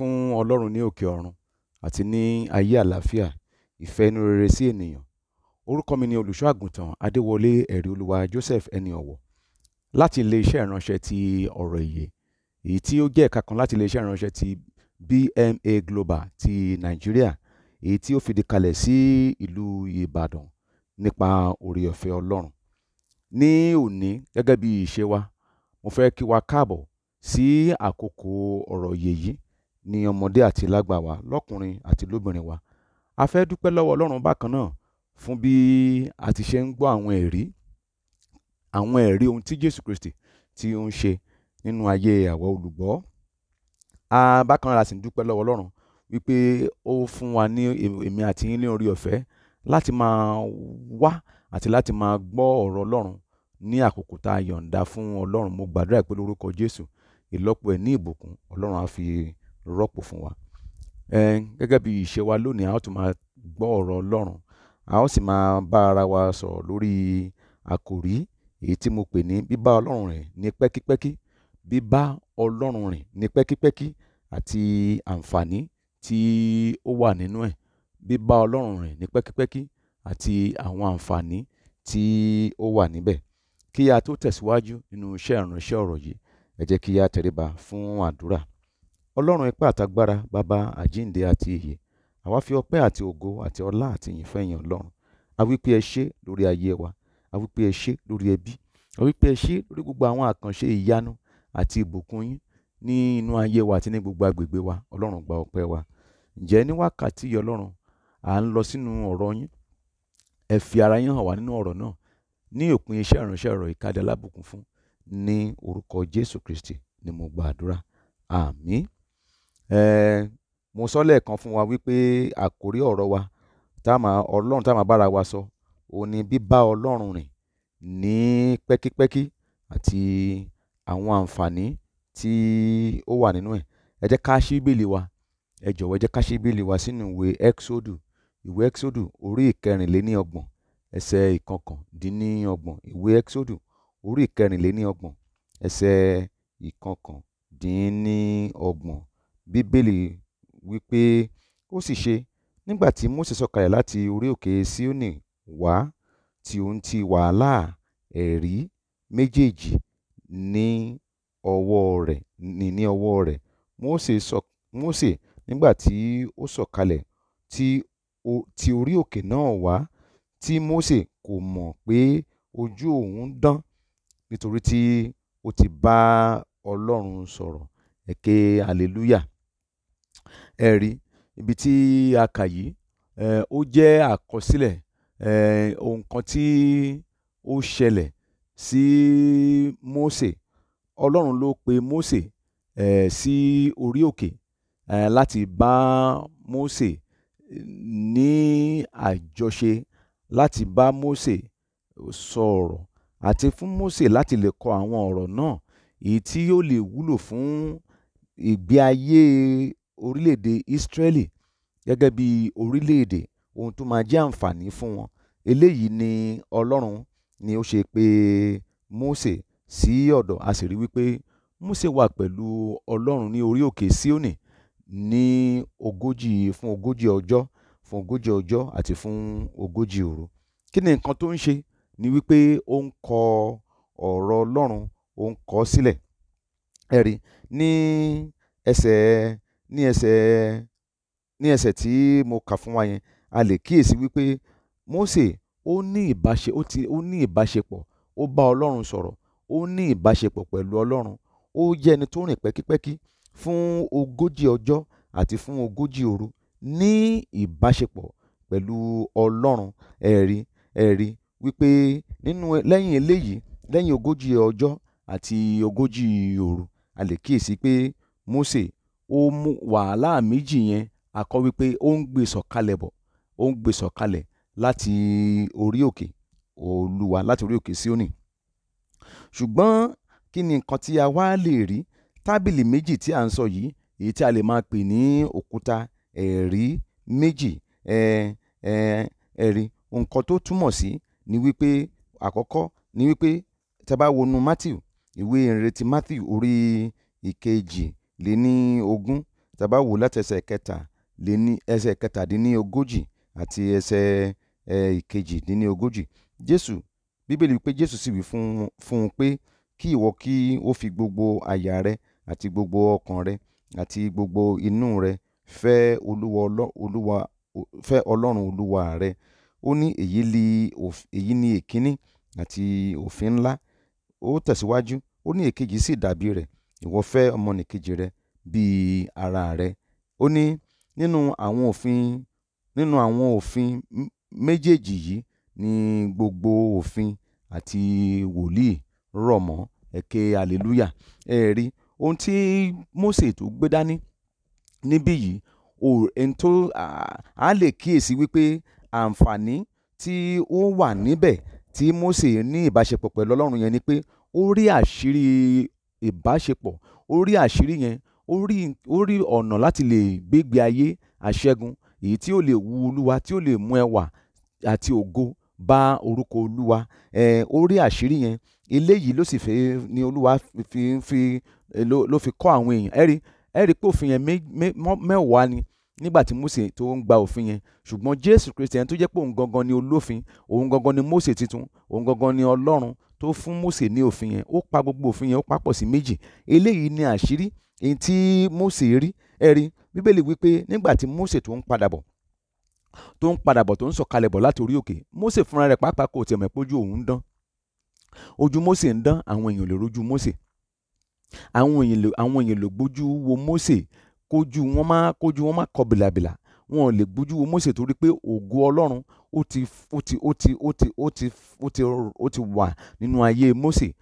fún Ọlọ́run ní òkè ọ̀run àti ní ayé àlàáfíà ìfẹ́ inú rere sí ènìyàn orúkọ mi ni olùṣọ́ àgùntàn adéwọlé ẹ̀rí olúwa joseph ẹni ọ̀wọ̀ láti iléeṣẹ́ ìránṣẹ́ ti ọ̀rọ̀ ìyè èyí tí ó jẹ́ ẹ̀ka kan láti iléeṣẹ́ ìránṣẹ́ ti BMA Global ti nàìjíríà èyí tí ó fìdí kalẹ̀ sí ìlú ìbàdàn nípa oore ọ̀fẹ́ ọlọ́run ní òní gẹ́gẹ́ bí ìṣe wa mo fẹ́ kí wa káàbọ̀ sí àkókò ọ̀rọ̀ ìyè yìí Ni ọmọdé àti lágbà wa, lọ́kùnrin àti lóbìnrin wa. A fẹ́ dúpẹ́ lọ́wọ́ Ọlọ́run bákan náà fún bí a ti ṣe ń gbọ́ àwọn ẹ̀rí, àwọn ẹ̀rí ohun tí Jésù Kristi tí ó ń ṣe nínú ayé àwa olùgbọ́. A bákan náà la sì ń dúpẹ́ lọ́wọ́ Ọlọ́run wípé ó fún wa ní èmi àti yín ní orí ọ̀fẹ́ láti máa wá àti láti máa gbọ́ ọ̀rọ̀ Ọlọ́run ní àkókò tá a yọ̀ǹda fún Ọlọ́run. Mo gbàdúrà pé lórúkọ Jésù, ìlọ́po ẹ̀ ní ìbùkún, Ọlọ́run á fi rọ́pò fún wa. Ẹn gẹ́gẹ́ bí ìṣe wa lónìí a ó tún máa gbọ́ ọ̀rọ̀ Ọlọ́run a ó sì máa bá ara wa sọ̀rọ̀ lórí àkòrí èyí tí mo pè ní bíbá Ọlọ́run rìn ní pẹ́kípẹ́kí bíbá Ọlọ́run rìn ní pẹ́kípẹ́kí àti àǹfààní tí ó wà nínú ẹ̀ bíbá Ọlọ́run rìn ní pẹ́kípẹ́kí àti àwọn àǹfààní tí ó wà níbẹ̀ kí a tó tẹ̀síwájú nínú iṣẹ́ ìránṣẹ́ ọ̀rọ̀ yìí ẹ jẹ́ kí a tẹríba fún àdúrà ọlọ́run ipá àtagbára bàbá àjíǹde àti ìyè àwa fi ọpẹ́ àti ògo àti ọlá àti ìyìn fẹ́yìn ọlọ́run a wí pé ẹ ṣé lórí ayé wa a wí pé ẹ ṣé lórí ẹbí a wí pé ẹ ṣé lórí gbogbo àwọn àkànṣe ìyanu àti ìbùkún yín ní inú ayé wa àti ní gbogbo agbègbè wa ọlọ́run gba ọpẹ́ wa ǹjẹ́ ní wákàtí yìí ọlọ́run à ń lọ sínú ọ̀rọ̀ yín ẹ fi ara yín hàn wá nínú ọ̀rọ̀ náà ní òpin iṣẹ́ ìránṣẹ́ ọ̀rọ̀ ìkádẹ́ alábùkún fún ní orúkọ jésù kristi ni mo gbàdúrà àmín um mo sọ lẹ́ẹ̀kan fún wa wípé àkòrí ọ̀rọ̀ wa tá a máa ọlọ́run tá a wa sọ òun ni bíbá ọlọ́run rìn ní pẹ́kípẹ́kí àti àwọn àǹfààní tí ó wà nínú ẹ̀ ẹ jẹ́ ká ṣí bíbélì wa ẹ jọ̀wọ́ ẹ jẹ́ ká ṣí bíbélì wa sínú ìwé exodu ìwé exodus orí ìkẹrìnléníọgbọ̀n ẹsẹ̀ ìkọkàndínníọgbọ̀n ìwé exodus orí ìkẹrìnléníọgbọ̀n ẹsẹ̀ ìkọkàndínníọgbọ̀n bíbélì wí pé ó sì ṣe nígbà tí mósè sọ̀kalẹ̀ láti orí òkè síónì wá tí ó ń ti wàhálà ẹ̀rí méjèèjì ní ọwọ́ rẹ̀ ní ọwọ́ rẹ̀ mósè nígbà tí ó sọ̀kalẹ̀ ti orí òkè náà wá tí mósè kò mọ̀ pé ojú òun dán nítorí tí ó ti bá ọlọ́run sọ̀rọ̀ ẹ̀kẹ́ hallelujah ẹ̀rí ibi tí a kà yìí um ó jẹ́ àkọsílẹ̀ um ohun kan tí ó ṣẹlẹ̀ sí Mósè Ọlọ́run ló pe Mósè um sí orí òkè um láti bá Mósè ní àjọṣe láti bá Mósè sọ̀rọ̀ àti fún Mósè láti lè kọ àwọn ọ̀rọ̀ náà èyí tí yóò lè wúlò fún ìgbé ayé orílẹ̀-èdè ísírẹ́lì gẹ́gẹ́ bí orílẹ̀-èdè ohun tó máa jẹ́ àǹfààní fún wọn eléyìí ni ọlọ́run ni ó ṣe pé mósè sí ọ̀dọ̀ a sì rí wípé mósè wà pẹ̀lú ọlọ́run ní orí òkè síónì ní ogójì fún ogójì ọjọ́ fún ogójì ọjọ́ àti fún ogójì òru kí ni nǹkan tó ń ṣe ni wípé ó ń kọ ọ̀rọ̀ ọlọ́run ó ń kọ sílẹ̀ ẹ̀rí ní ẹsẹ̀ ní ẹsẹ̀ ní ẹsẹ̀ tí mo kà fún wa yẹn a lè kíyèsí wípé Mósè ó ní ìbáṣe ó ti ó ní ìbáṣepọ̀ ó bá Ọlọ́run sọ̀rọ̀ ó ní ìbáṣepọ̀ pẹ̀lú Ọlọ́run ó jẹ́ ẹni tó rìn pẹ́kípẹ́kí fún ogójì ọjọ́ àti fún ogójì òru ní ìbáṣepọ̀ pẹ̀lú Ọlọ́run ẹ̀rí ẹ̀rí wípé nínú lẹ́yìn eléyìí lẹ́yìn ogójì ọjọ́ àti ogójì òru a lè kíyèsí pé Mósè ó mú wàhálà méjì yẹn a kọ́ wípé ó ń gbé sọ̀kalẹ̀ bọ̀ ó ń gbé sọ̀kalẹ̀ láti orí òkè olúwa láti orí òkè síónì ṣùgbọ́n kí ni nǹkan tí a wá lè rí tábìlì méjì tí à ń sọ yìí èyí tí a lè máa pè ní òkúta ẹ̀rí méjì ẹ̀ ẹ̀ ẹ̀rí nǹkan tó túmọ̀ sí ni wípé àkọ́kọ́ ni wípé tí a bá wọnú Matthew ìwé ìrètí Matthew orí ìkejì lé ní ogún tí a bá wò ó láti ẹsẹ̀ kẹta lé ní ẹsẹ̀ kẹtàdínlógójì àti ẹsẹ̀ um ìkejìdínlógójì Jésù bíbélì wí pé Jésù sì wí fún fún un pé kí ìwọ kí ó fi gbogbo àyà rẹ àti gbogbo ọkàn rẹ àti gbogbo inú rẹ fẹ́ Olúwa Olúwa fẹ́ Ọlọ́run Olúwa rẹ ó ní èyí li èyí ni èkíní àti òfin ńlá ó tẹ̀síwájú ó ní èkejì sì dàbí rẹ̀ ìwọ fẹ́ ọmọnìkejì rẹ bí ara rẹ ó ní nínú àwọn òfin nínú àwọn òfin méjèèjì yìí ni gbogbo òfin àti wòlíì rọ̀ mọ́ ẹ ké hallelujah ẹ rí ohun tí Mósè tó gbé dání níbí yìí ohun tó a lè kíyèsí wípé àǹfààní tí ó wà níbẹ̀ tí Mósè ní ìbáṣepọ̀ pẹ̀lú Ọlọ́run yẹn ni pé ó rí àṣírí ìbáṣepọ̀ ó rí àṣírí yẹn ó rí ó rí ọ̀nà láti lè gbégbé ayé àṣẹ́gun èyí tí ó lè wu olúwa tí ó lè mú ẹwà àti ògo bá orúkọ olúwa eh, ó rí àṣírí yẹn eléyìí ló sì fẹ́ ni olúwa fi fi ló, ló fi kọ́ àwọn èèyàn ẹ̀rí ẹ̀rí pé òfin yẹn mẹ́wàá ni nígbà tí Mósè tó ń gba òfin yẹn ṣùgbọ́n Jésù Kristi ẹni tó jẹ́ pé òun gangan ni olófin òun gangan ni Mósè titun òun gangan ni Ọlọ́run tó fún Mósè ní òfin yẹn ó pa gbogbo òfin yẹn ó papọ̀ sí méjì eléyìí ni àṣírí èyí tí Mósè rí ẹ̀rí bíbélì wípé nígbà tí Mósè tó ń padà bọ̀ tó ń padà bọ̀ tó ń sọ̀kalẹ̀ bọ̀ láti orí òkè Mósè fúnra rẹ̀ pàápàá kò tiẹ̀ mọ̀ pé ojú òun ń dán ojú Mósè ń dán àwọn èèyàn lè rojú Mósè àwọn èèyàn lè gbójú wo Mósè kójú wọn má kójú wọn má kọ bìlàbìlà wọn ò lè gbójú wo Mósè torí pé ògo Ọlọ́run ó ti ó ti ó ti ó ti ó ti ó ti ó ti wà nínú ayé Mósè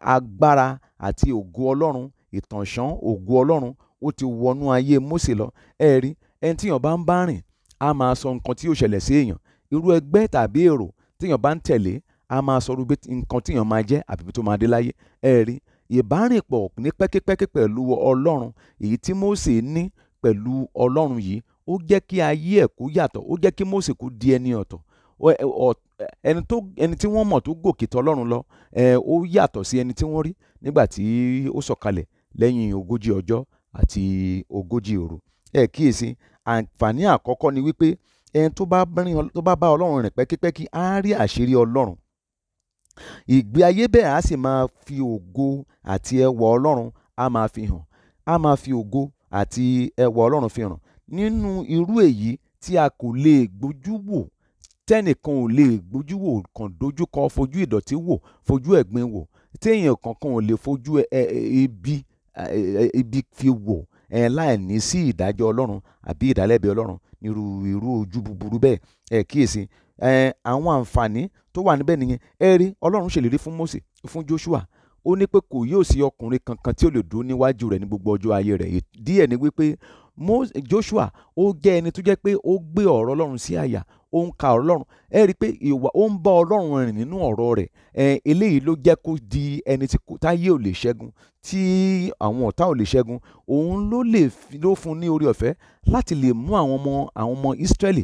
agbára àti ògo Ọlọ́run ìtànṣán ògo Ọlọ́run ó ti wọnú ayé Mósè lọ ẹ rí ẹni tíyàn bá ń bá rìn a máa sọ nǹkan tí yóò ṣẹlẹ̀ sí èèyàn irú ẹgbẹ́ tàbí èrò tíyàn bá ń tẹ̀lé a máa sọ irú nǹkan tíyàn máa jẹ́ àbí tó máa dé láyé ẹ rí ìbárìnpọ̀ ní pẹ́kípẹ́kí pẹ̀lú Ọlọ́run èyí tí Mósè ní pẹ̀lú Ọlọ́run yìí ó jẹ́ kí ayé ẹ̀ kó yàtọ̀ ó jẹ́ kí Mósè kó di ẹni ọ̀tọ̀ ẹni tó ẹni tí wọ́n mọ̀ tó gòkè tọlọ́run lọ ó yàtọ̀ sí ẹni tí wọ́n rí nígbà tí ó sọ̀kalẹ̀ lẹ́yìn ogójì ọjọ́ àti ogójì òru ẹ kíyèsí àǹfààní àkọ́kọ́ ni wípé ẹni tó bá bá ọlọ́run rìn pẹ́kípẹ́kí á rí àṣírí ọlọ́run ìgbé ayé bẹ́ẹ̀ á sì máa fi ògo àti ẹwà ọlọ́run á máa fi hàn á máa fi ògo àti ẹwà ọlọ́run fi hàn nínú irú èyí tí a kò lè gbójú wò tẹ́nìkan ò lè gbójú wò kàn dojú kọ fojú ìdọ̀tí wò fojú ẹ̀gbin wò téèyàn kankan ò lè fojú ibi ibi fi wò ẹ láìní sí ìdájọ́ ọlọ́run àbí ìdálẹ́bi ọlọ́run irú irú ojú búburú bẹ́ẹ̀ ẹ kíyèsí ẹ àwọn àǹfààní tó wà níbẹ̀ nìyẹn ẹ rí ọlọ́run ṣèlérí fún Mósè fún Joshua ó ní pé kò yóò sí ọkùnrin kankan tí ó lè dúró níwájú rẹ̀ ní gbogbo ọjọ́ ayé rẹ̀ díẹ̀ ni wípé Joshua ó jẹ́ ẹni tó jẹ́ pé ó gbé ọ̀rọ̀ ọlọ́run sí àyà ó ń ka ọ̀rọ̀ ọlọ́run ẹ rí i pé ìwà ó ń bá ọlọ́run rìn nínú ọ̀rọ̀ rẹ̀ ẹ eléyìí ló jẹ́ kó di ẹni tí táyé ò lè ṣẹ́gun tí àwọn ọ̀tá ò lè ṣẹ́gun òun ló lè ló fún ní orí ọ̀fẹ́ láti lè mú àwọn ọmọ àwọn ọmọ Ísírẹ́lì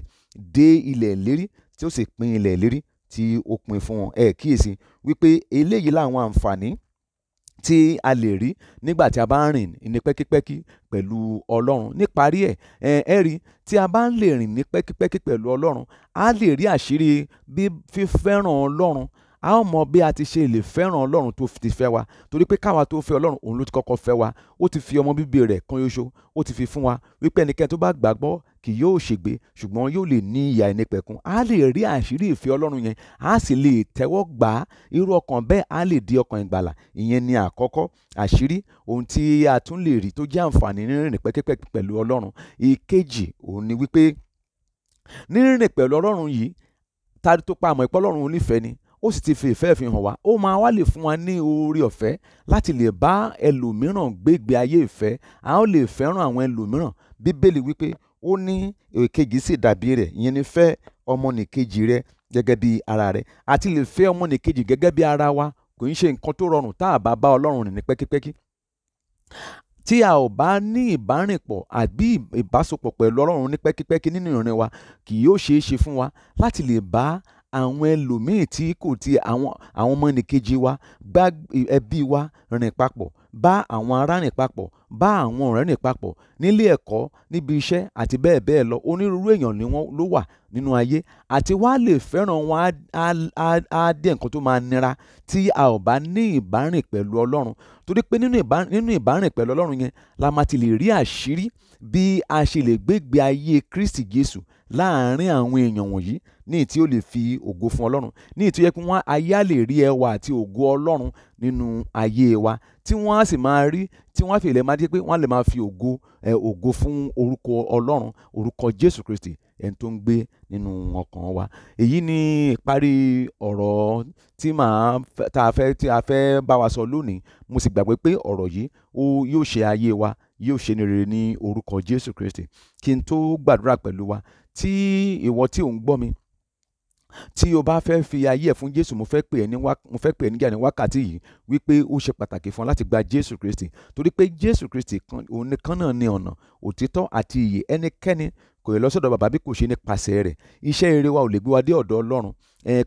dé ilẹ̀ ìlérí tí ó sì pín ilẹ̀ ìlérí tí ó pín fún wọn ẹ kíyèsí wípé eléyìí làwọn àǹfààní tí a lè rí nígbà tí a bá ń rìn ní pẹ́kípẹ́kí pẹ̀lú ọlọ́run níparí ẹ̀ ẹ rí tí a bá ń lè rìn ní pẹ́kípẹ́kí pẹ̀lú ọlọ́run a lè rí àṣírí bí fífẹ́ràn ọlọ́run a ó mọ bí a ti ṣe lè fẹ́ràn ọlọ́run tó ti fẹ́ wa torí pé káwa tó fẹ́ ọlọ́run òun ló ti kọ́kọ́ fẹ́ wa ó ti fi ọmọ bíbí rẹ̀ kan ṣoṣo ó ti fi fún wa wípé ẹnikẹ́ni tó bá gbàgbọ́ kì yóò ṣègbé ṣùgbọ́n yóò lè ní ìyà ìnípẹ̀kun a lè rí àṣírí ìfẹ́ ọlọ́run yẹn a sì lè tẹ́wọ́ gbà á irú ọkàn bẹ́ẹ̀ a lè di ọkàn ìgbàlà ìyẹn ni àkọ́kọ́ àṣírí ohun tí a tún lè rí tó jẹ́ àǹfààní nírìnrìn pẹ́kípẹ́kí pẹ̀lú ọlọ́run ìkejì òun ni wípé nírìnrìn pẹ̀lú ọlọ́run yìí ta tó pa àmọ́ ìpọ́ ọlọ́run onífẹ́ ni ó sì ti fi ìfẹ́ fi hàn wá ó máa wá lè fún wa ní oore ọ̀fẹ́ láti lè bá ẹlòmíràn gbégbé ayé ìfẹ́ a ó lè fẹ́ràn àwọn ẹlòmíràn bíbélì wípé ó ní èkejì sì dàbí rẹ̀ ìyẹn ni fẹ́ ọmọnìkejì rẹ gẹ́gẹ́ bí ara rẹ àti lè fẹ́ ọmọnìkejì gẹ́gẹ́ bí ara wa kò ń ṣe nǹkan tó rọrùn tá a bá bá ọlọ́run rìn ní pẹ́kípẹ́kí tí a ò bá ní ìbárìnpọ̀ àbí ìbásopọ̀ pẹ̀lú ọlọ́run ní pẹ́kípẹ́kí nínú ìrìn wa kì yóò ṣeé ṣe fún wa láti lè bá àwọn ẹlòmíì tí kò ti àwọn àwọn ọmọnìkejì wa bá ẹbí wa rìn papọ̀ bá àwọn ará rìn papọ̀ bá àwọn ọ̀rẹ́ rìn papọ̀ nílé ẹ̀kọ́ níbi iṣẹ́ àti bẹ́ẹ̀ bẹ́ẹ̀ lọ onírúurú èèyàn ni wọ́n ló wà nínú ayé àti wá lè fẹ́ràn wọn á dé nǹkan tó máa nira tí a ò bá ní ìbárìn pẹ̀lú Ọlọ́run torí pé nínú ìbárìn pẹ̀lú Ọlọ́run yẹn la máa ti lè rí àṣírí bí a ṣe lè gbégbé ayé Kristi Jésù láàárín àwọn èèyàn wọ̀nyí ní tí ó lè fi ògo fún ọlọ́run ní tí ó yẹ kí wọ́n ayé á lè rí ẹwà àti ògo ọlọ́run nínú ayé wa tí wọ́n á sì máa rí tí wọ́n á fi ilẹ̀ máa dé pé wọ́n á lè máa fi ògo ògo fún orúkọ ọlọ́run orúkọ jésù kristi ẹni tó ń gbé nínú ọkàn wa èyí ni ìparí ọ̀rọ̀ tí màá tá a fẹ́ tí a fẹ́ bá wa sọ lónìí mo sì gbàgbé pé ọ̀rọ̀ yìí yóò ṣe ayé wa yóò ṣe ní rere ní orúkọ jésù kristi kí n tó gbàdúrà pẹ̀lú wa tí ìwọ tí ò ń gbọ́ mi tí o bá fẹ́ fi ayé ẹ̀ fún jésù mo fẹ́ pè ẹ́ ní wá mo fẹ́ pè ẹ́ níjà ní wákàtí yìí wípé ó ṣe pàtàkì fún ọ láti gba jésù kristi torí pé jésù kristi kan òun nìkan náà ni ọ̀nà òtítọ́ àti ìyè ẹnikẹ́ni kò yẹ lọ́sọ̀dọ̀ bàbá bí kò ṣe nípasẹ̀ rẹ̀ iṣẹ́ rere wa ò lè gbé wa dé ọ̀dọ̀ ọlọ́run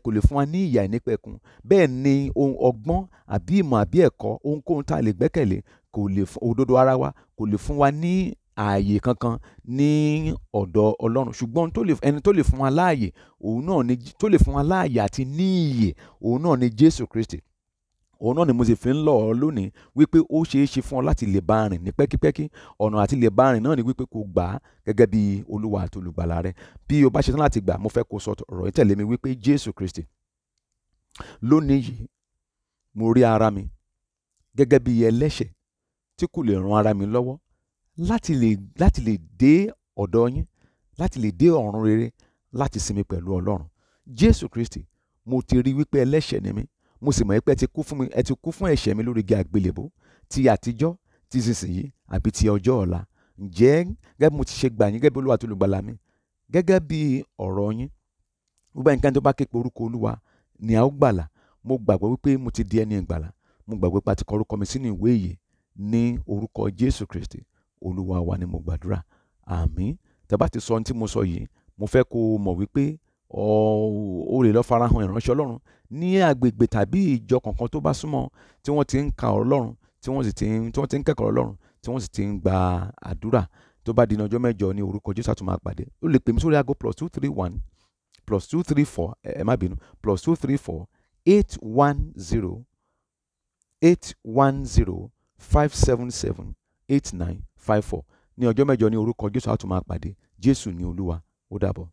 kò lè fún wa ní ìyà ìnípẹ̀kun bẹ́ẹ̀ ni ohun ọgbọ́n àbí ìmọ̀ àbí ẹ̀kọ́ ohunkóhun tá a lè gbẹ́kẹ̀lé kò lè fún òdodo ara wa kò lè fún wa ní ààyè kankan ní ọ̀dọ̀ ọlọ́run ṣùgbọ́n ẹni tó lè fún wa láàyè òun náà ni tó lè fún wa láàyè àti ní ìyè òun náà ni jésù kristi òun náà ni mo sì fi ń lọ ọ lónìí wípé ó ṣeé ṣe fún ọ láti lè bá rìn ní pẹ́kípẹ́kí ọ̀nà àti lè bá rìn náà ni wípé kò gbà á gẹ́gẹ́ bí olúwa àti olùgbàlà rẹ bí o bá ṣetán láti gbà mo fẹ́ kó sọ ọ̀rọ̀ yìí tẹ̀lé mi wípé jésù kristi lónìí yìí mo rí ara mi gẹ́gẹ́ bí ẹlẹ́ṣẹ̀ tí kò lè ran ara mi lọ́wọ́ láti lè láti lè dé ọ̀dọ̀ yín láti lè dé ọ̀run rere láti sinmi pẹ̀lú ọlọ́run jésù kristi mo ti rí wípé ẹlẹ́ṣẹ̀ ni mí mo sì mọ̀ pé ẹ ti kú fún mi ẹ ti kú fún ẹ̀ṣẹ̀ mi lórí igi àgbélébó ti àtijọ́ ti sísìnyí àbí ti ọjọ́ ọ̀la ǹjẹ́ gẹ́gẹ́ bí mo ti ṣe gbà yín gẹ́gẹ́ bí olúwa tó lè gbàlà mi gẹ́gẹ́ bí ọ̀rọ̀ yín gbogbo ẹnikẹ́ni tó bá képe orúkọ olúwa ni a ó gbàlà mo gbàgbọ́ wípé mo ti di ẹni ìgbàlà mo gbàgbọ́ pé a ti kọ orúkọ mi sínú ìwé ìyè ní orúkọ jésù kristi olúwa wa ni mo gbàdúrà àmín tẹ́ bá ti sọ ohun tí mo sọ yìí mo fẹ́ kó o mọ̀ wípé ó lè lọ farahàn ìránṣẹ́ ọlọ́run ní agbègbè tàbí ìjọ kankan tó bá súnmọ́ tí wọ́n ti ń ka ọ̀rọ̀ ọlọ́run tí wọ́n sì ti ń tí wọ́n ti ń kẹ́kọ̀ọ́ ọlọ́run tí wọ́n sì ti ń gba àdúrà tó bá di ọjọ́ mẹ́jọ ní orúkọ jésù àtúmọ̀ àpàdé ó lè pè mí sórí aago plus two three one plus two three four ẹ má bínú plus two three four eight one zero eight one zero five seven seven eight nine five four ní ọjọ́ mẹ́jọ ní orúkọ Jésù a tún máa pàdé Jésù ní Olúwa ó dàbọ̀.